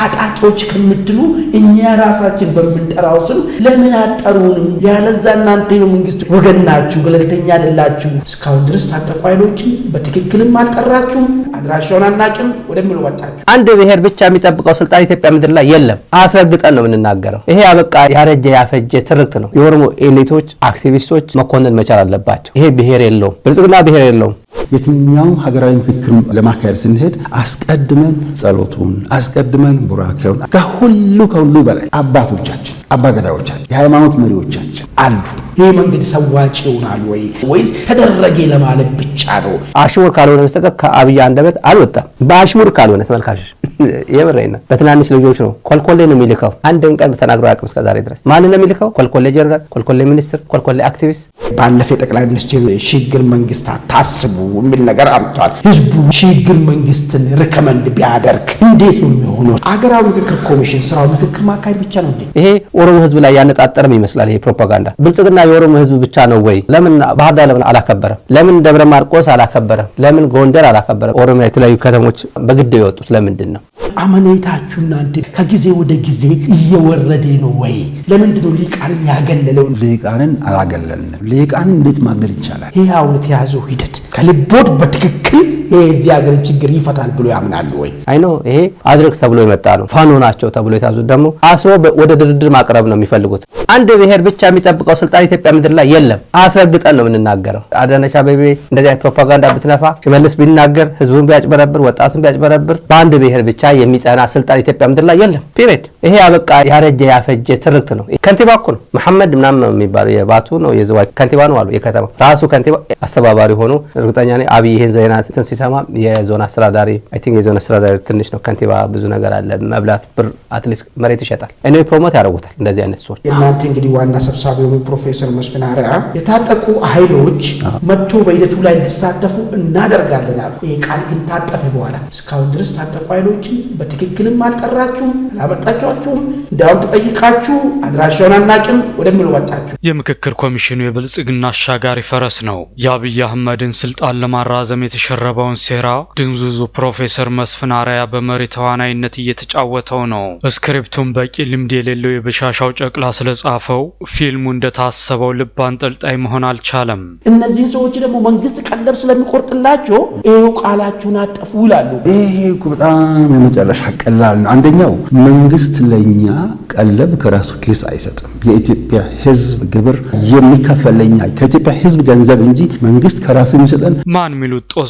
ታጣቂዎች ከምትሉ እኛ ራሳችን በምንጠራው ስም ለምን አጠሩንም? ያለዛ እናንተ የመንግስቱ ወገን ናችሁ፣ ገለልተኛ አይደላችሁ። እስካሁን ድረስ ታጠቁ ኃይሎችን በትክክልም አልጠራችሁም። አድራሻውን አናቅም ወደሚለው ወጣችሁ። አንድ ብሔር ብቻ የሚጠብቀው ስልጣን ኢትዮጵያ ምድር ላይ የለም። አስረግጠን ነው የምንናገረው። ይሄ አበቃ ያረጀ ያፈጀ ትርክት ነው። የኦሮሞ ኤሊቶች፣ አክቲቪስቶች መኮንን መቻል አለባቸው። ይሄ ብሔር የለውም፣ ብልጽግና ብሔር የለውም። የትኛውም ሀገራዊ ምክክር ለማካሄድ ስንሄድ አስቀድመን ጸሎቱን አስቀድመን ቡራኬውን ከሁሉ ከሁሉ በላይ አባቶቻችን አባገዳዎቻችን የሃይማኖት መሪዎቻችን አሉ። ይህ መንገድ ሰዋጭ ይሆናል ወይ ወይስ ተደረገ ለማለት ብቻ ነው? አሽሙር ካልሆነ በስተቀር ከአብይ አንደበት አልወጣም። በአሽሙር ካልሆነ ተመልካቾች የምሬን ነው። በትናንሽ ልጆች ነው ኮልኮሌ ነው የሚልከው። አንድም ቀን ተናግሮ አያውቅም እስከዛሬ ድረስ። ማን ነው የሚልከው? ኮልኮሌ ጀነራል፣ ኮልኮሌ ሚኒስትር፣ ኮልኮሌ አክቲቪስት። ባለፈ የጠቅላይ ሚኒስትር ሽግግር መንግስት አታስቡ የሚል ነገር አምጥቷል። ህዝቡ ሽግግር መንግስትን ሪከመንድ ቢያደርግ እንዴት ነው የሚሆነው? አገራዊ ምክክር ኮሚሽን ስራው ምክክር ማካሄድ ብቻ ነው እንዴ? ይሄ ኦሮሞ ህዝብ ላይ ያነጣጠርም ይመስላል። ይሄ ፕሮፓጋንዳ ብልጽግና የኦሮሞ ህዝብ ብቻ ነው ወይ? ለምን ባህር ዳር ለምን አላከበረም? ለምን ደብረ ማርቆስ አላከበረም? ለምን ጎንደር አላከበረም? ኦሮሚያ የተለያዩ ከተሞች በግድ የወጡት ለምንድን ነው? አመኔታችሁና ከጊዜ ወደ ጊዜ እየወረደ ነው ወይ? ለምንድን ነው ሊቃንን ያገለለው? ሊቃንን አላገለልንም። ሊቃንን እንዴት ማግለል ይቻላል? ይህ አሁን የተያዘው ሂደት ከልቦት በትክክል ይሄ የዚህ ሀገርን ችግር ይፈታል ብሎ ያምናሉ ወይ? አይ ነው ይሄ አድረግስ ተብሎ የመጣ ነው። ፋኖ ናቸው ተብሎ የታዙት ደግሞ አስሮ ወደ ድርድር ማቅረብ ነው የሚፈልጉት። አንድ ብሔር ብቻ የሚጠብቀው ስልጣን ኢትዮጵያ ምድር ላይ የለም። አስረግጠን ነው የምንናገረው። አዳነች አቤቤ እንደዚህ አይነት ፕሮፓጋንዳ ብትነፋ፣ ሽመልስ ቢናገር፣ ህዝቡን ቢያጭበረብር፣ ወጣቱን ቢያጭበረብር በአንድ ብሔር ብቻ የሚጸና ስልጣን ኢትዮጵያ ምድር ላይ የለም። ፒሬድ ይሄ አበቃ። ያረጀ ያፈጀ ትርክት ነው። ከንቲባ እኮ ነው መሐመድ ምናምን የሚባለው የባቱ ነው የዝዋይ ከንቲባ ነው አሉ የከተማ ራሱ ከንቲባ አስተባባሪ ሆኑ እርግጠኛ አብይ ይህን ዜና ትንሲ ሲሰማ የዞን አስተዳዳሪ አይ ቲንክ የዞን አስተዳዳሪ ትንሽ ነው፣ ከንቲባ ብዙ ነገር አለ፣ መብላት ብር፣ አትሊስት መሬት ይሸጣል። እኔ ፕሮሞት ያደርጉታል እንደዚህ አይነት ሰዎች። እናንተ እንግዲህ ዋና ሰብሳቢ ፕሮፌሰር መስፍን አርአያ የታጠቁ ኃይሎች መጥቶ በሂደቱ ላይ እንዲሳተፉ እናደርጋለን አሉ። ይህ ቃል ግን ታጠፈ በኋላ እስካሁን ድረስ ታጠቁ ኃይሎችን በትክክልም አልጠራችሁም፣ አላመጣችኋችሁም። እንዲያውም ተጠይቃችሁ አድራሻውን አናቅም ወደሚለው ወጣችሁ። የምክክር ኮሚሽኑ የብልጽግና አሻጋሪ ፈረስ ነው። የአብይ አህመድን ስልጣን ለማራዘም የተሸረበው የጀመረውን ሴራ ድንዙዙ ፕሮፌሰር መስፍን አርአያ በመሪ ተዋናይነት እየተጫወተው ነው። ስክሪፕቱን በቂ ልምድ የሌለው የበሻሻው ጨቅላ ስለጻፈው ፊልሙ እንደታሰበው ልብ አንጠልጣይ መሆን አልቻለም። እነዚህን ሰዎች ደግሞ መንግስት ቀለብ ስለሚቆርጥላቸው ይኸው ቃላችሁን አጠፉ ይላሉ። ይሄ በጣም የመጨረሻ ቀላል ነው። አንደኛው መንግስት ለእኛ ቀለብ ከራሱ ኬስ አይሰጥም። የኢትዮጵያ ህዝብ ግብር የሚከፈለኛ ከኢትዮጵያ ህዝብ ገንዘብ እንጂ መንግስት ከራሱ የሚሰጠን ማን ሚሉት ጦስ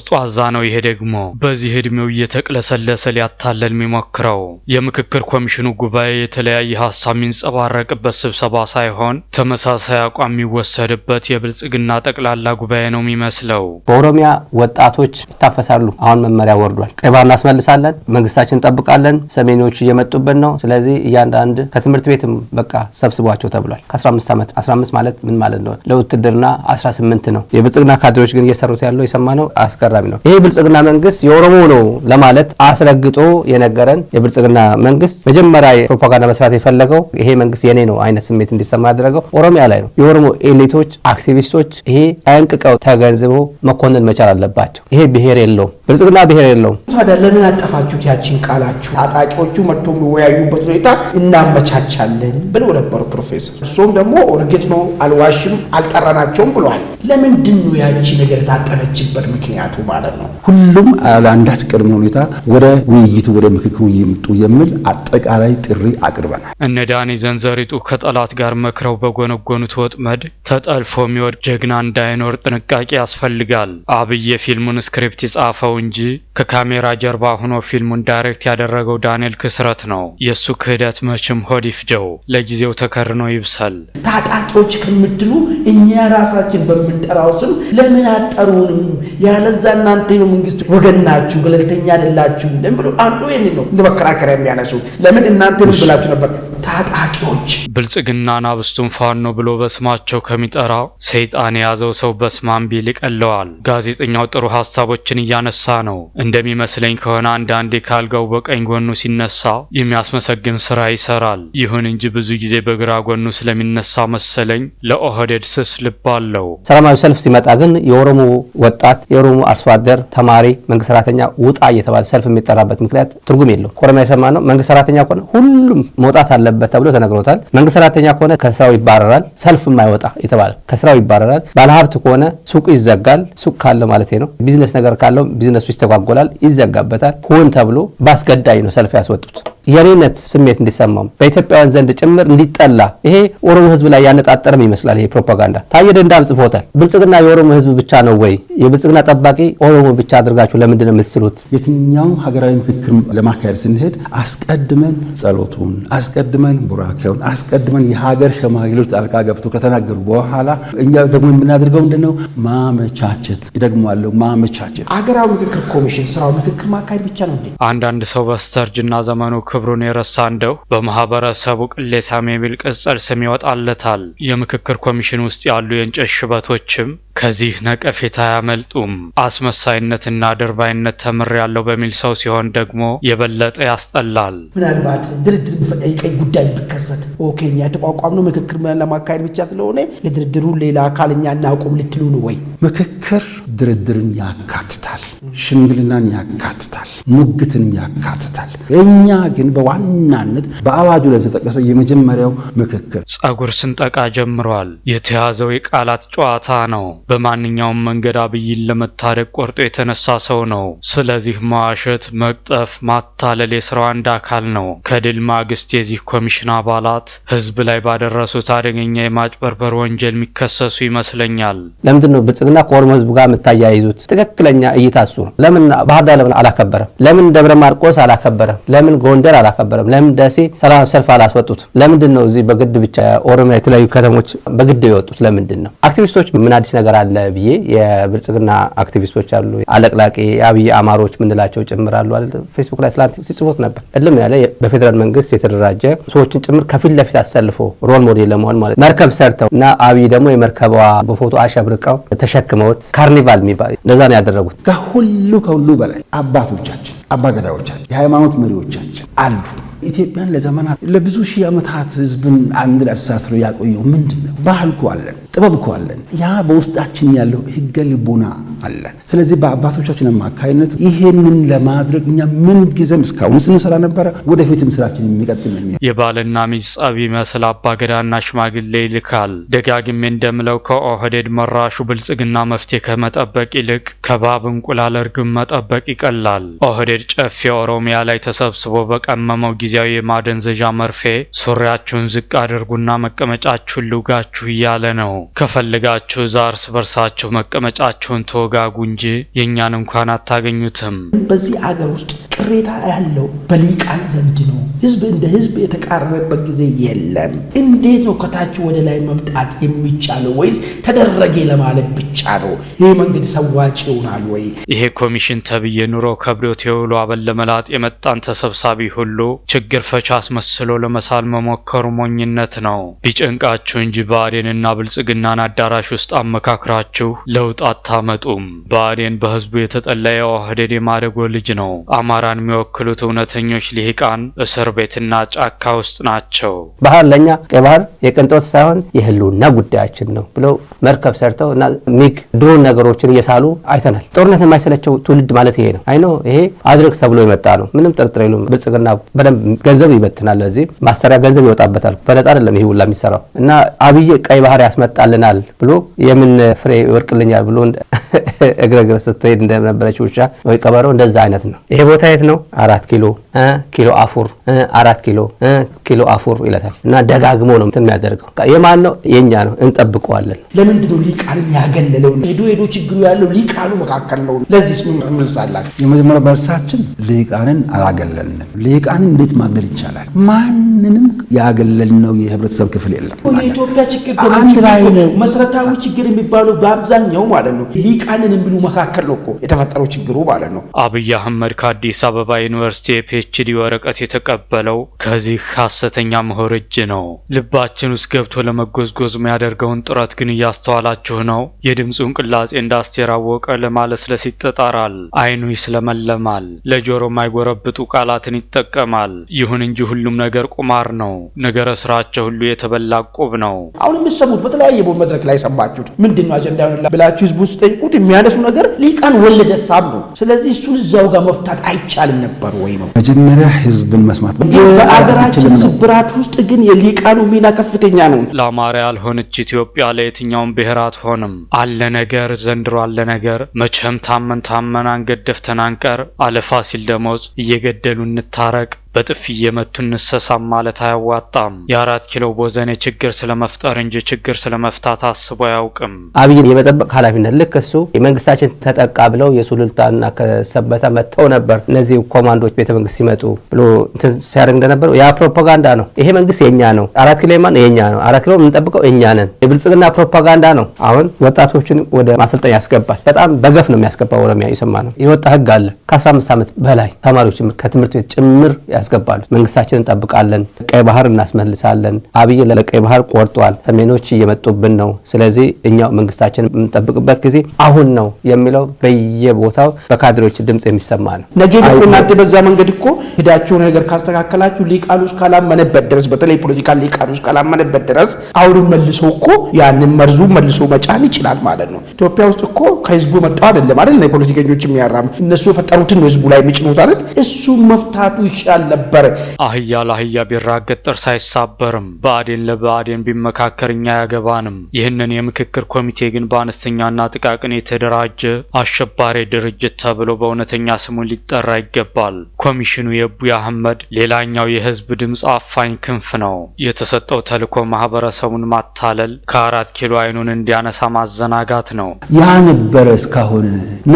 ነው። ይሄ ደግሞ በዚህ እድሜው እየተቅለሰለሰ ሊያታለል የሚሞክረው የምክክር ኮሚሽኑ ጉባኤ የተለያየ ሀሳብ የሚንጸባረቅበት ስብሰባ ሳይሆን ተመሳሳይ አቋም የሚወሰድበት የብልጽግና ጠቅላላ ጉባኤ ነው የሚመስለው። በኦሮሚያ ወጣቶች ይታፈሳሉ። አሁን መመሪያ ወርዷል። ቀይ ባህር እናስመልሳለን፣ መንግስታችን እንጠብቃለን፣ ሰሜኖቹ እየመጡብን ነው። ስለዚህ እያንዳንድ ከትምህርት ቤትም በቃ ሰብስቧቸው ተብሏል። ከ15 ዓመት 15 ማለት ምን ማለት ነው? ለውትድርና 18 ነው። የብልጽግና ካድሬዎች ግን እየሰሩት ያለው የሰማ ነው አስገራሚ ነው። ይሄ የብልጽግና መንግስት የኦሮሞ ነው ለማለት አስረግጦ የነገረን የብልጽግና መንግስት መጀመሪያ ፕሮፓጋንዳ መስራት የፈለገው ይሄ መንግስት የኔ ነው አይነት ስሜት እንዲሰማ ያደረገው ኦሮሚያ ላይ ነው። የኦሮሞ ኤሊቶች፣ አክቲቪስቶች ይሄ ጠንቅቀው ተገንዝቦ መኮንን መቻል አለባቸው። ይሄ ብሄር የለውም ብልጽግና ብሄር የለውም። ታዲያ ለምን አጠፋችሁት? ያችን ቃላችሁ ታጣቂዎቹ መጥቶ የሚወያዩበት ሁኔታ እናመቻቻለን ብለው ነበሩ ፕሮፌሰር። እሱም ደግሞ እርግጥ ነው አልዋሽም፣ አልጠራናቸውም ብሏል። ለምንድን ነው ያቺ ነገር የታጠፈችበት ምክንያቱ ማለት ነው? ሁሉም ለአንዳች ቅድመ ሁኔታ ወደ ውይይቱ ወደ ምክክሩ ይምጡ የሚል አጠቃላይ ጥሪ አቅርበናል። እነ ዳኒ ዘንዘሪጡ ከጠላት ጋር መክረው በጎነጎኑት ወጥመድ ተጠልፎ የሚወድቅ ጀግና እንዳይኖር ጥንቃቄ ያስፈልጋል። አብይ የፊልሙን ስክሪፕት ይጻፈው እንጂ ከካሜራ ጀርባ ሆኖ ፊልሙን ዳይሬክት ያደረገው ዳንኤል ክስረት ነው። የእሱ ክህደት መቼም ሆድ ይፍጀው፣ ለጊዜው ተከርኖ ይብሰል። ታጣቂዎች ከምትሉ እኛ ራሳችን በምንጠራው ስም ለምን አጠሩንም ያለዛ እናንተ እናንተ በመንግስቱ ወገን ናችሁ፣ ገለልተኛ አይደላችሁ ብሎ አንዱ ይህን ነው እንደ መከራከሪያ የሚያነሱት። ለምን እናንተ ምን ብላችሁ ነበር ታጣቂዎች ብልጽግናን አብስቱን ፋኖ ብሎ በስማቸው ከሚጠራው ሰይጣን የያዘው ሰው በስማም ቢል ይቀለዋል። ጋዜጠኛው ጥሩ ሀሳቦችን እያነሳ ነው። እንደሚመስለኝ ከሆነ አንዳንዴ ካልጋው በቀኝ ጎኑ ሲነሳ የሚያስመሰግን ስራ ይሰራል። ይሁን እንጂ ብዙ ጊዜ በግራ ጎኑ ስለሚነሳ መሰለኝ ለኦህዴድ ስስ ልብ አለው። ሰላማዊ ሰልፍ ሲመጣ ግን የኦሮሞ ወጣት፣ የኦሮሞ አርሶ አደር፣ ተማሪ፣ መንግስት ሰራተኛ ውጣ እየተባለ ሰልፍ የሚጠራበት ምክንያት ትርጉም የለው። ኮረማ የሰማ ነው። መንግስት ሰራተኛ ከሆነ ሁሉም መውጣት አለበት ተብሎ ተነግሮታል። መንግስት ሰራተኛ ከሆነ ከስራው ይባረራል፣ ሰልፍ የማይወጣ የተባለ ከስራው ይባረራል። ባለሀብት ከሆነ ሱቅ ይዘጋል። ሱቅ ካለ ማለት ነው። ቢዝነስ ነገር ካለው ቢዝነሱ ይስተጓጎላል፣ ይዘጋበታል። ሆን ተብሎ በአስገዳጅ ነው ሰልፍ ያስወጡት። የኔነት ስሜት እንዲሰማው በኢትዮጵያውያን ዘንድ ጭምር እንዲጠላ ይሄ ኦሮሞ ህዝብ ላይ ያነጣጠርም ይመስላል። ይሄ ፕሮፓጋንዳ ታየ ደንዳም ጽፎታል። ብልጽግና የኦሮሞ ህዝብ ብቻ ነው ወይ? የብልጽግና ጠባቂ ኦሮሞ ብቻ አድርጋችሁ ለምንድን ነው የምትስሉት? የትኛውም ሀገራዊ ምክክር ለማካሄድ ስንሄድ አስቀድመን ጸሎቱን፣ አስቀድመን ቡራኬውን፣ አስቀድመን የሀገር ሽማግሌዎች ጣልቃ ገብቶ ከተናገሩ በኋላ እኛ ደግሞ የምናደርገው ምንድን ነው? ማመቻቸት ይደግማለሁ፣ ማመቻቸት። ሀገራዊ ምክክር ኮሚሽን ስራው ምክክር ማካሄድ ብቻ ነው እንዴ? አንዳንድ ሰው በስተርጅና ዘመኑ ክብሩን የረሳ እንደው በማህበረሰቡ ቅሌታም የሚል ቅጽል ስም ይወጣለታል። የምክክር ኮሚሽን ውስጥ ያሉ የእንጨት ሽበቶችም ከዚህ ነቀፌታ አያመልጡም። አስመሳይነትና ድርባይነት ተምር ያለው በሚል ሰው ሲሆን ደግሞ የበለጠ ያስጠላል። ምናልባት ድርድር የሚጠይቀኝ ጉዳይ ቢከሰት ኦኬ፣ እኛ ተቋቋም ነው ምክክር ለማካሄድ ብቻ ስለሆነ የድርድሩን ሌላ አካል እኛ እናቁም ልትሉ ነው ወይ? ምክክር ድርድርን ያካትታል፣ ሽምግልናን ያካትታል፣ ሙግትንም ያካትታል። እኛ ግን በዋናነት በአዋጁ ላይ የተጠቀሰው የመጀመሪያው ምክክር ጸጉር ስንጠቃ ጀምሯል። የተያዘው የቃላት ጨዋታ ነው። በማንኛውም መንገድ አብይን ለመታደግ ቆርጦ የተነሳ ሰው ነው። ስለዚህ መዋሸት፣ መቅጠፍ፣ ማታለል የስራው አንድ አካል ነው። ከድል ማግስት የዚህ ኮሚሽን አባላት ህዝብ ላይ ባደረሱት አደገኛ የማጭበርበር ወንጀል የሚከሰሱ ይመስለኛል። ለምንድን ነው ብልጽግና ከኦሮሞ ህዝብ ጋር የምታያይዙት? ትክክለኛ እይታ እሱ ነው። ለምን ባህር ዳር ለምን አላከበረም? ለምን ደብረ ማርቆስ አላከበረም? ለምን ጎንደር ነገር አላከበረም። ለምን ደሴ ሰላም ሰልፍ አላስወጡት? ለምንድን ነው እዚህ በግድ ብቻ ኦሮሚያ የተለያዩ ከተሞች በግድ የወጡት ለምንድን ነው? አክቲቪስቶች ምን አዲስ ነገር አለ ብዬ የብልጽግና አክቲቪስቶች አሉ፣ አለቅላቂ የአብይ አማሮች ምንላቸው ጭምር አሉ። ፌስቡክ ላይ ትላንት ሲጽፉት ነበር። እልም ያለ በፌዴራል መንግስት የተደራጀ ሰዎችን ጭምር ከፊት ለፊት አሰልፎ ሮል ሞዴል ለመሆን ማለት መርከብ ሰርተው እና አብይ ደግሞ የመርከቧ በፎቶ አሸብርቀው ተሸክመውት ካርኒቫል የሚባል እንደዛ ነው ያደረጉት። ከሁሉ ከሁሉ በላይ አባቶቻችን አባገዳዎቻችን፣ የሃይማኖት መሪዎቻችን አሉ። ኢትዮጵያን ለዘመናት ለብዙ ሺህ ዓመታት ህዝብን አንድ ላይ አስተሳስሮ ያቆየው ምንድን ነው? ባህል እኮ አለን፣ ጥበብ እኮ አለን። ያ በውስጣችን ያለው ህገ ልቦና አለ። ስለዚህ በአባቶቻችን አማካይነት ይሄንን ለማድረግ እኛ ምን ጊዜም እስካሁን ስንሰራ ነበረ። ወደፊትም ስራችን የሚቀጥል ነው። የባልና ሚስት ጸብ ይመስል አባገዳና ሽማግሌ ይልካል። ደጋግሜ እንደምለው ከኦህዴድ መራሹ ብልጽግና መፍትሄ ከመጠበቅ ይልቅ ከባብ እንቁላል እርግብ መጠበቅ ይቀላል። ኦህዴድ ጨፌ ኦሮሚያ ላይ ተሰብስቦ በቀመመው ጊዜ ጊዜያዊ የማደንዘዣ መርፌ ሱሪያችሁን ዝቅ አድርጉና መቀመጫችሁን ልውጋችሁ እያለ ነው። ከፈልጋችሁ እዛ እርስ በርሳችሁ መቀመጫችሁን ተወጋጉ እንጂ የእኛን እንኳን አታገኙትም። በዚህ አገር ውስጥ ቅሬታ ያለው በሊቃን ዘንድ ነው። ህዝብ እንደ ህዝብ የተቃረበበት ጊዜ የለም። እንዴት ነው ከታች ወደ ላይ መምጣት የሚቻለው? ወይስ ተደረገ ለማለት ብቻ ነው? ይህ መንገድ ሰዋጭ ይሆናል ወይ? ይሄ ኮሚሽን ተብዬ ኑሮ ከብዶት የውሎ አበል ለመላጥ የመጣን ተሰብሳቢ ሁሉ ችግር ፈቻ አስመስሎ ለመሳል መሞከሩ ሞኝነት ነው። ቢጨንቃችሁ እንጂ ብአዴንና ብልጽግናን አዳራሽ ውስጥ አመካክራችሁ ለውጥ አታመጡም። ብአዴን በህዝቡ የተጠላ የኦህዴድ የማደጎ ልጅ ነው። አማራ ኢትዮጵያን የሚወክሉት እውነተኞች ልሂቃን እስር ቤትና ጫካ ውስጥ ናቸው። ባህር ለእኛ ቀይ ባህር የቅንጦት ሳይሆን የህልውና ጉዳያችን ነው ብለው መርከብ ሰርተው እና ሚግ ድሮን ነገሮችን እየሳሉ አይተናል። ጦርነት የማይሰለቸው ትውልድ ማለት ይሄ ነው። ነው ይሄ አድርግ ተብሎ የመጣ ነው። ምንም ጥርጥር የሉም። ብልጽግና በደንብ ገንዘብ ይበትናል። ለዚህ ማሰሪያ ገንዘብ ይወጣበታል። በነጻ አይደለም ይሄ ሁላ የሚሰራው እና አብይ ቀይ ባህር ያስመጣልናል ብሎ የምን ፍሬ ይወርቅልኛል ብሎ እግረግረ ስትሄድ እንደነበረች ውሻ ወይ ቀበሮ እንደዛ አይነት ነው ይሄ ቦታ ነው አራት ኪሎ ኪሎ አፉር አራት ኪሎ ኪሎ አፉር ይለታል እና ደጋግሞ ነው የሚያደርገው። የማን ነው? የኛ ነው። እንጠብቀዋለን። ለምንድነው ሊቃልን ያገለለው? ሄዶ ሄዶ ችግሩ ያለው ሊቃሉ መካከል ነው። ለዚህ ምልሳላቸው የመጀመሪያ በርሳችን ሊቃንን አላገለልንም። ሊቃንን እንዴት ማግለል ይቻላል? ማንንም ያገለልነው የህብረተሰብ ክፍል የለም። የኢትዮጵያ ችግር መሰረታዊ ችግር የሚባለው በአብዛኛው ማለት ነው ሊቃንን የሚሉ መካከል ነው እኮ የተፈጠረው ችግሩ ማለት ነው። አብይ አህመድ ከአዲስ አበባ ዩኒቨርሲቲ ፒኤችዲ ወረቀት የተቀበለው ከዚህ ሐሰተኛ ምሁር እጅ ነው። ልባችን ውስጥ ገብቶ ለመጎዝጎዝ የሚያደርገውን ጥረት ግን እያስተዋላችሁ ነው። የድምፁን ቅላጼ አስቴር አወቀ ለማለስለስ ይጠጣራል። አይኑ ይስለመለማል። ለጆሮ የማይጎረብጡ ቃላትን ይጠቀማል። ይሁን እንጂ ሁሉም ነገር ቁማር ነው። ነገረ ስራቸው ሁሉ የተበላ ቁብ ነው። አሁን የምትሰሙት በተለያየ መድረክ ላይ ሰማችሁት። ምንድን ነው አጀንዳ ብላችሁ ህዝብ ውስጥ ጠይቁት። የሚያነሱ ነገር ሊቃን ወለደ ሳብ ነው። ስለዚህ እሱን እዛው ጋር መፍታት አይቻልም ነበር ወይ ነው መጀመሪያ ህዝብን መስማት። በአገራችን ስብራት ውስጥ ግን የሊቃኑ ሚና ከፍተኛ ነው። ለአማራ ያልሆነች ኢትዮጵያ ለየትኛውም ብሔር አትሆንም። አለ ነገር ዘንድሮ አለ ነገር። መቼም ታመን ታመን አንገት ደፍተን አንቀር። ሲል ደሞዝ እየገደሉ እንታረቅ በጥፊ እየመቱ እንሰሳም ማለት አያዋጣም። የአራት ኪሎ ቦዘኔ ችግር ስለመፍጠር እንጂ ችግር ስለመፍታት አስቦ አያውቅም። አብይን የመጠበቅ ኃላፊነት ልክ እሱ የመንግስታችን ተጠቃ ብለው የሱሉልታና ከሰበተ መጥተው ነበር እነዚህ ኮማንዶች ቤተ መንግስት ሲመጡ ብሎ ሲያደርግ እንደነበረው ያ ፕሮፓጋንዳ ነው። ይሄ መንግስት የኛ ነው፣ አራት ኪሎ የማን የኛ ነው፣ አራት ኪሎ የምንጠብቀው የኛ ነን። የብልጽግና ፕሮፓጋንዳ ነው። አሁን ወጣቶችን ወደ ማሰልጠኝ ያስገባል። በጣም በገፍ ነው የሚያስገባው። ኦሮሚያ የሰማ ነው የወጣ ህግ አለ ከ15 ዓመት በላይ ተማሪዎች ከትምህርት ቤት ጭምር ያስገባሉ። መንግስታችን እንጠብቃለን፣ ቀይ ባህር እናስመልሳለን፣ አብይ ለቀይ ባህር ቆርጧል፣ ሰሜኖች እየመጡብን ነው፣ ስለዚህ እኛው መንግስታችን የምንጠብቅበት ጊዜ አሁን ነው የሚለው በየቦታው በካድሬዎች ድምፅ የሚሰማ ነው። ነገ እናንተ በዛ መንገድ እኮ ሄዳችሁን ነገር ካስተካከላችሁ ሊቃሉ እስካላመነበት ድረስ በተለይ ፖለቲካ ሊቃሉ እስካላመነበት ድረስ አሁንም መልሶ እኮ ያንን መርዙ መልሶ መጫን ይችላል ማለት ነው። ኢትዮጵያ ውስጥ እኮ ከህዝቡ መጣው አይደለም አይደል? ፖለቲከኞች የሚያራም እነሱ የፈጠሩትን ነው ህዝቡ ላይ የሚጭኑት አይደል? እሱ መፍታቱ ይሻል ነበር። አህያ ለአህያ ቢራገጥ ጥርስ አይሳበርም፣ ብአዴን ለብአዴን ቢመካከር እኛ አያገባንም። ይህንን የምክክር ኮሚቴ ግን በአነስተኛና ጥቃቅን የተደራጀ አሸባሪ ድርጅት ተብሎ በእውነተኛ ስሙ ሊጠራ ይገባል። ኮሚሽኑ የቡያ አህመድ ሌላኛው የህዝብ ድምፅ አፋኝ ክንፍ ነው። የተሰጠው ተልዕኮ ማህበረሰቡን ማታለል፣ ከአራት ኪሎ አይኑን እንዲያነሳ ማዘናጋት ነው። ያ ነበረ እስካሁን።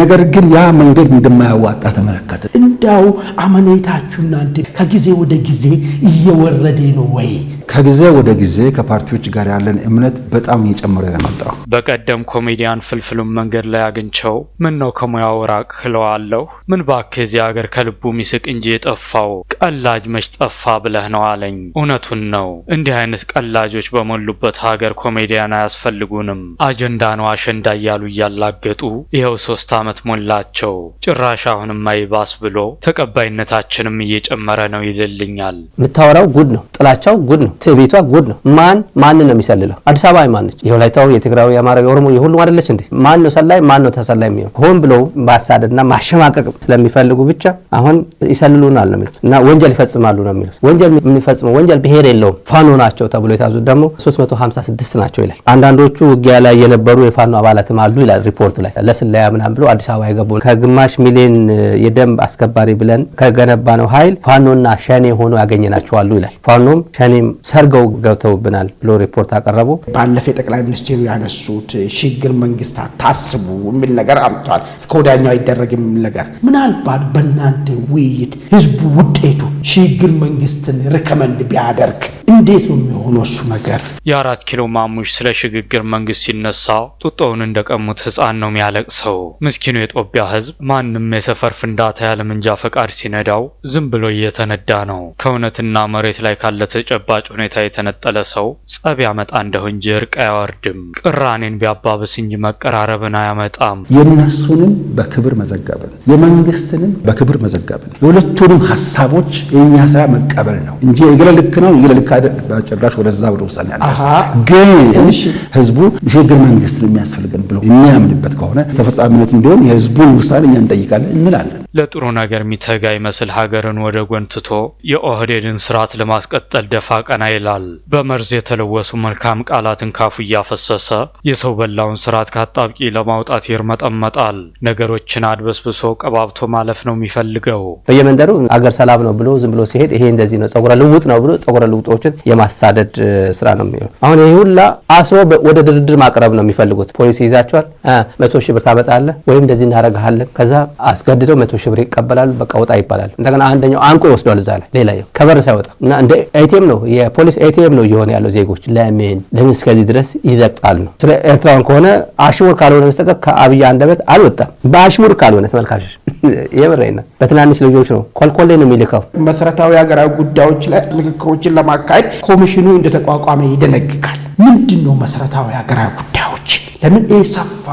ነገር ግን ያ መንገድ እንደማያዋጣ ተመለከተ። እንዲያው አመኔታችሁ እናንተ ከጊዜ ወደ ጊዜ እየወረደ ነው ወይ? ከጊዜ ወደ ጊዜ ከፓርቲዎች ጋር ያለን እምነት በጣም እየጨመረ የመጣው። በቀደም ኮሜዲያን ፍልፍሉን መንገድ ላይ አግኝቸው ምን ነው ከሙያው ራቅ ክለዋለሁ። ምን ባክ እዚህ ሀገር ከልቡ ሚስቅ እንጂ የጠፋው ቀላጅ መች ጠፋ ብለህ ነው አለኝ። እውነቱን ነው። እንዲህ አይነት ቀላጆች በሞሉበት ሀገር ኮሜዲያን አያስፈልጉንም። አጀንዳ ነው አሸንዳ እያሉ እያላገጡ ይኸው ሶስት አመት ሞላቸው። ጭራሽ አሁንም አይባስ ብሎ ተቀባይነታችንም እየጨመረ ያማረ ነው ይልልኛል። የምታወራው ጉድ ነው፣ ጥላቻው ጉድ ነው፣ ትዕቢቷ ጉድ ነው። ማን ማን ነው የሚሰልለው? አዲስ አበባ ማን ነች? የወላይታው፣ የትግራዊ፣ የአማራ፣ የኦሮሞ የሁሉም አደለች እንዴ? ማን ነው ሰላይ? ማን ነው ተሰላይ? የሚሆን ሆን ብለው ማሳደድና ማሸማቀቅ ስለሚፈልጉ ብቻ አሁን ይሰልሉናል ነው የሚሉት እና ወንጀል ይፈጽማሉ ነው የሚሉት። ወንጀል የሚፈጽመው ወንጀል ብሄር የለውም ፋኖ ናቸው ተብሎ የታዙት ደግሞ 356 ናቸው ይላል። አንዳንዶቹ ውጊያ ላይ የነበሩ የፋኖ አባላትም አሉ ይላል ሪፖርቱ ላይ ለስለያ ምናምን ብሎ አዲስ አበባ የገቡ ከግማሽ ሚሊዮን የደንብ አስከባሪ ብለን ከገነባ ነው ኃይል ፋኖ ፋኖና ሸኔ ሆኖ ያገኘናቸዋሉ ይላል። ፋኖም ሸኔም ሰርገው ገብተውብናል ብሎ ሪፖርት አቀረቡ። ባለፈ ጠቅላይ ሚኒስቴሩ ያነሱት ሽግግር መንግስት አታስቡ የሚል ነገር አምጥተዋል። እስከ ወዲያኛው አይደረግ የሚል ነገር ምናልባት በእናንተ ውይይት ህዝቡ ውጤቱ ሽግግር መንግስትን ሪከመንድ ቢያደርግ እንዴት ነው የሚሆነው? እሱ ነገር የአራት ኪሎ ማሙሽ ስለ ሽግግር መንግስት ሲነሳ ጡጦውን እንደቀሙት ህፃን ነው የሚያለቅሰው። ምስኪኑ የጦቢያ ህዝብ ማንም የሰፈር ፍንዳታ ያለምንጃ ፈቃድ ሲነዳው ዝም ብሎ እየ የተነዳ ነው። ከእውነትና መሬት ላይ ካለ ተጨባጭ ሁኔታ የተነጠለ ሰው ጸብ ያመጣ እንደሁ እንጂ እርቅ አያወርድም። ቅራኔን ቢያባብስ እንጂ መቀራረብን አያመጣም። የእነሱንም በክብር መዘገብን፣ የመንግስትንም በክብር መዘገብን፣ የሁለቱንም ሀሳቦች የእኛ ስራ መቀበል ነው እንጂ የግለ ልክ ነው የግለ ልክ አይደል። በጭራሽ ወደዛ ወደ ውሳኔ ግን ህዝቡ ሽግግር መንግስትን የሚያስፈልገን ብሎ የሚያምንበት ከሆነ ተፈጻሚነት እንዲሆን የህዝቡን ውሳኔ እኛ እንጠይቃለን እንላለን። ለጥሩ ነገር የሚተጋ ይመስል ሀገርን ወደ ጎን ትቶ የኦህዴድን ስርዓት ለማስቀጠል ደፋ ቀና ይላል። በመርዝ የተለወሱ መልካም ቃላትን ካፉ እያፈሰሰ የሰው በላውን ስርዓት ከአጣብቂ ለማውጣት ይርመጠመጣል። ነገሮችን አድበስብሶ ቀባብቶ ማለፍ ነው የሚፈልገው። በየመንደሩ አገር ሰላም ነው ብሎ ዝም ብሎ ሲሄድ ይሄ እንደዚህ ነው ጸጉረ ልውጥ ነው ብሎ ጸጉረ ልውጦችን የማሳደድ ስራ ነው የሚሆ አሁን ይህ ሁላ አስሮ ወደ ድርድር ማቅረብ ነው የሚፈልጉት። ፖሊሲ ይዛቸዋል። መቶ ሺህ ብር ታመጣለህ ወይም እንደዚህ እናደርግሃለን ከዛ አስገድደው መቶ ሺህ ብር ይቀበላሉ። በቃ ወጣ ይባላል። እንደገና አንደኛው አንቆ ይወስዷል እዛ ላይ ሌላ ከበር ሳይወጣ እና እንደ ኤቲኤም ነው የፖሊስ ኤቲኤም ነው እየሆነ ያለው ዜጎች ለምን ለምን እስከዚህ ድረስ ነው። ስለ ኤርትራውን ከሆነ አሽሙር ካልሆነ በስተቀር ከአብይ አንደበት አልወጣም። በአሽሙር ካልሆነ ተመልካቾች የምሬን በትናንሽ ልጆች ነው ኮልኮሌ ነው የሚልከው። መሰረታዊ ሀገራዊ ጉዳዮች ላይ ምክክሮችን ለማካሄድ ኮሚሽኑ እንደተቋቋመ ይደነግጋል። ምንድን ነው መሰረታዊ ሀገራዊ ጉዳዮች ለምን ሰፋ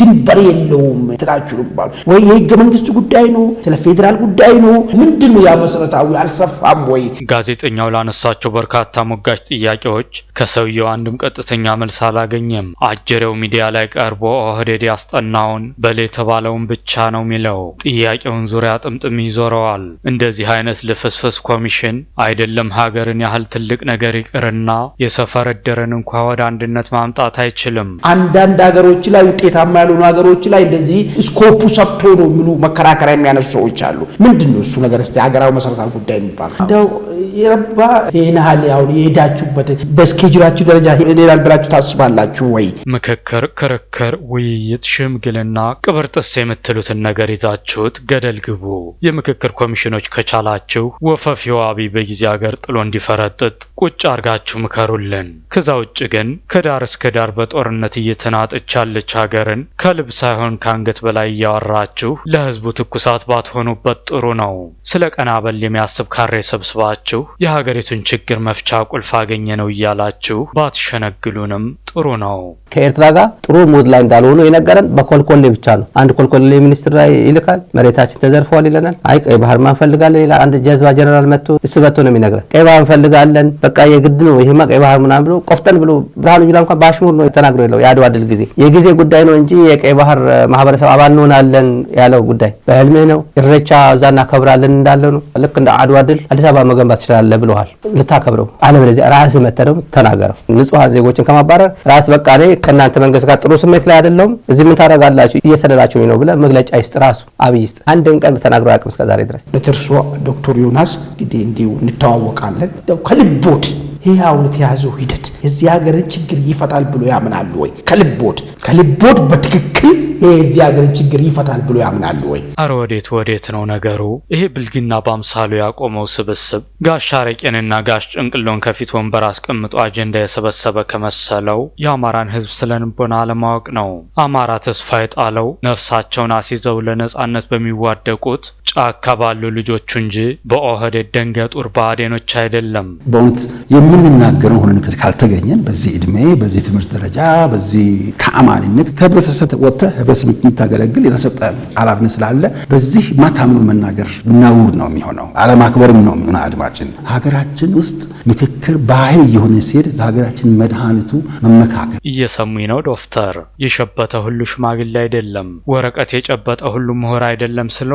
ድንበር የለውም ትላችሁ ባሉ ወይ የህገ መንግስት ጉዳይ ነው፣ ስለ ፌዴራል ጉዳይ ነው። ምንድን ነው ያ መሰረታዊ አልሰፋም ወይ? ጋዜጠኛው ላነሳቸው በርካታ ሞጋች ጥያቄዎች ከሰውየው አንድም ቀጥተኛ መልስ አላገኘም። አጀሬው ሚዲያ ላይ ቀርቦ ኦህዴድ ያስጠናውን በል የተባለውን ብቻ ነው የሚለው። ጥያቄውን ዙሪያ ጥምጥም ይዞረዋል። እንደዚህ አይነት ልፍስፍስ ኮሚሽን አይደለም ሀገርን ያህል ትልቅ ነገር ይቅርና የሰፈረደረን እንኳ ወደ አንድነት ማምጣት አይችልም። አንዳንድ ሀገሮች ላይ ውጤታማ ያልሆኑ ሀገሮች ላይ እንደዚህ ስኮፑ ሰፍቶ ነው የሚሉ መከራከሪያ የሚያነሱ ሰዎች አሉ። ምንድን ነው እሱ ነገር ስ ሀገራዊ መሰረታዊ ጉዳይ የሚባል እንደው የረባ ይህን ያህል አሁን የሄዳችሁበት በስኬጅላችሁ ደረጃ ሄዳል ብላችሁ ታስባላችሁ ወይ? ምክክር፣ ክርክር፣ ውይይት፣ ሽምግልና፣ ቅብር ጥስ የምትሉትን ነገር ይዛችሁት ገደል ግቡ። የምክክር ኮሚሽኖች ከቻላችሁ ወፈፊዋ አብይ በጊዜ ሀገር ጥሎ እንዲፈረጥጥ ቁጭ አርጋችሁ ምከሩልን። ከዛ ውጭ ግን ከዳር እስከ ዳር በጦርነት እየተና አጥቻለች ሀገርን ከልብ ሳይሆን ከአንገት በላይ እያወራችሁ ለህዝቡ ትኩሳት ባትሆኑበት ጥሩ ነው። ስለ ቀና በል የሚያስብ ካሬ ሰብስባችሁ የሀገሪቱን ችግር መፍቻ ቁልፍ አገኘ ነው እያላችሁ ባትሸነግሉንም ጥሩ ነው። ከኤርትራ ጋር ጥሩ ሙድ ላይ እንዳልሆኑ የነገረን በኮልኮሌ ብቻ ነው። አንድ ኮልኮሌ ሚኒስትር ላይ ይልካል። መሬታችን ተዘርፈዋል ይለናል። አይ ቀይ ባህር ማንፈልጋለን ሌላ አንድ ጀዝባ ጀነራል መጥቶ እሱ መጥቶ ነው የሚነግረን። ቀይ ባህር እንፈልጋለን በቃ የግድ ነው ይህማ ቀይ ባህር ምናምን ብሎ ቆፍጠን ብሎ ብርሃኑ ጁላ እንኳን ባሽሙር ነው የተናግሮ የለው የአድዋ ድል ጊዜ የጊዜ ጉዳይ ነው እንጂ የቀይ ባህር ማህበረሰብ አባል እንሆናለን ያለው ጉዳይ በህልምህ ነው። እረቻ እዛ እናከብራለን እንዳለ ነው። ልክ እንደ አድዋ ድል አዲስ አበባ መገንባት ትችላለህ ብለዋል። ልታከብረው አለበለዚያ ራስህ መተደው ተናገረው። ንጹሐን ዜጎችን ከማባረር ራስ በቃ እኔ ከእናንተ መንግስት ጋር ጥሩ ስሜት ላይ አይደለሁም፣ እዚህ ምን ታደርጋላችሁ እየሰደዳችሁ ነው ብለህ መግለጫ ይስጥ። ራሱ አብይ ይስጥ። አንድን ቀን ተናግሮ አያውቅም እስከዛሬ ድረስ ለትርሶ ዶክተር ዮናስ እንግዲህ እንዲሁ እንተዋወቃለን ከልቦት ህያውን የተያዘው ሂደት የዚህ ሀገርን ችግር ይፈታል ብሎ ያምናሉ ወይ? ከልቦት ከልቦት በትክክል የዚህ ሀገርን ችግር ይፈታል ብሎ ያምናሉ ወይ? አረ ወዴት ወዴት ነው ነገሩ? ይሄ ብልግና በአምሳሉ ያቆመው ስብስብ ጋሽ አረቄንና ጋሽ ጭንቅሎን ከፊት ወንበር አስቀምጦ አጀንዳ የሰበሰበ ከመሰለው የአማራን ህዝብ ስለንቦና አለማወቅ ነው። አማራ ተስፋ የጣለው ነፍሳቸውን አስይዘው ለነጻነት በሚዋደቁት ጫካ ባሉ ልጆቹ እንጂ በኦህዴድ ደንገ ጡር አይደለም። በእውነት የምንናገረው ሆነን ካልተገኘን በዚህ እድሜ፣ በዚህ ትምህርት ደረጃ፣ በዚህ ተአማኒነት ከህብረተሰብ ወጥተ ህብረተሰብ የምታገለግል የተሰጠ ኃላፊነት ስላለ በዚህ ማታምኑን መናገር ነውር ነው የሚሆነው፣ አለማክበርም ነው የሚሆነ አድማጭን። ሀገራችን ውስጥ ምክክር ባህል እየሆነ ሲሄድ ለሀገራችን መድኃኒቱ መመካከል። እየሰሙ ነው ዶክተር። የሸበተ ሁሉ ሽማግሌ አይደለም፣ ወረቀት የጨበጠ ሁሉ ምሁር አይደለም ስለ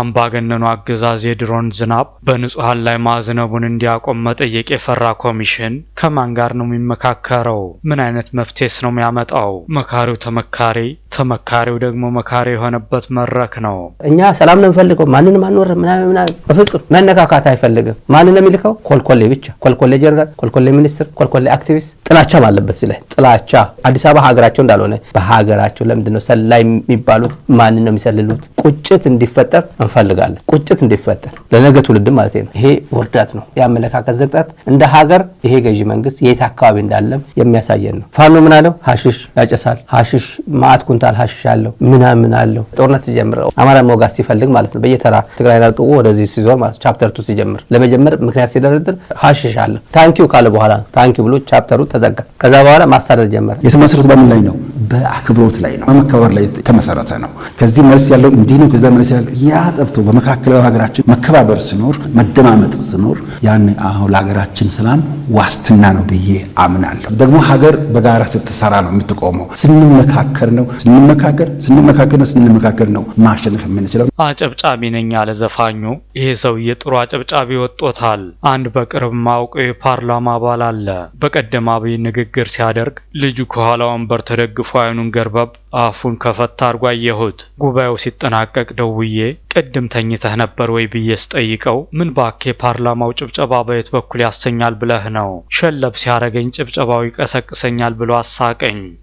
አምባገነኑ አገዛዝ የድሮን ዝናብ በንጹሐን ላይ ማዝነቡን እንዲያቆም መጠየቅ የፈራ ኮሚሽን ከማን ጋር ነው የሚመካከረው? ምን አይነት መፍትሄስ ነው የሚያመጣው? መካሪው ተመካሪ፣ ተመካሪው ደግሞ መካሪ የሆነበት መድረክ ነው። እኛ ሰላም ነው የምፈልገው፣ ማንንም አንወር ምናምን ምናምን፣ በፍጹም መነካካት አይፈልግም። ማንን ነው የሚልከው? ኮልኮሌ ብቻ፣ ኮልኮሌ ጀነራል፣ ኮልኮሌ ሚኒስትር፣ ኮልኮሌ አክቲቪስት። ጥላቻም አለበት ሲለ ጥላቻ አዲስ አበባ ሀገራቸው እንዳልሆነ በሀገራቸው ለምንድነው ነው ሰላይ የሚባሉት? ማን ነው የሚሰልሉት? ቁጭት እንዲፈጠር እንፈልጋለን። ቁጭት እንዲፈጠር ለነገ ትውልድም ማለት ነው። ይሄ ውርደት ነው፣ የአመለካከት ዘግጣት እንደ ሀገር ነገር ይሄ ገዢ መንግስት የት አካባቢ እንዳለም የሚያሳየን ነው። ፋኖ ምን አለው? ሀሽሽ ያጨሳል። ሀሽሽ ማአት ኩንታል ሀሽሽ አለው ምናምን አለው። ጦርነት ሲጀምር አማራ መውጋት ሲፈልግ ማለት ነው። በየተራ ትግራይ ላልቅቆ ወደዚህ ሲዞር ማለት ቻፕተር ቱ ሲጀምር ለመጀመር ምክንያት ሲደረድር ሀሽሽ አለ ታንኪው ካለ በኋላ ታንኪው ብሎ ቻፕተሩ ተዘጋ። ከዛ በኋላ ማሳደር ጀመረ። የተመሰረቱ በምን ላይ ነው? በአክብሮት ላይ ነው፣ በመከበር ላይ የተመሰረተ ነው። ከዚህ መልስ ያለው እንዲህ ነው፣ ከዛ መልስ ያለው ያ ጠብቶ በመካከላዊ ሀገራችን መከባበር ሲኖር፣ መደማመጥ ሲኖር ያን አሁን ለሀገራችን ሰላም ዋስትና ነው ብዬ አምናለሁ። ደግሞ ሀገር በጋራ ስትሰራ ነው የምትቆመው። ስንመካከር ነው ስንመካከር ስንመካከር ነው ስንመካከር ነው ማሸነፍ የምንችለው። አጨብጫቢ ነኝ ያለ ዘፋኙ ይሄ ሰውዬ ጥሩ አጨብጫቢ ወጦታል። አንድ በቅርብ ማውቀው የፓርላማ አባል አለ። በቀደም አብይ ንግግር ሲያደርግ ልጁ ከኋላ ወንበር ተደግፎ አይኑን ገርበብ አፉን ከፈታ አድርጎ አየሁት። ጉባኤው ሲጠናቀቅ ደውዬ ቅድም ተኝተህ ነበር ወይ ብዬ ስጠይቀው ምን ባኬ ፓርላማው ጭብጨባ በየት በኩል ያሰኛል ብለህ ነው ሸለብ ሲያረገኝ ጭብጨባው ይቀሰቅሰኛል ብሎ አሳቀኝ።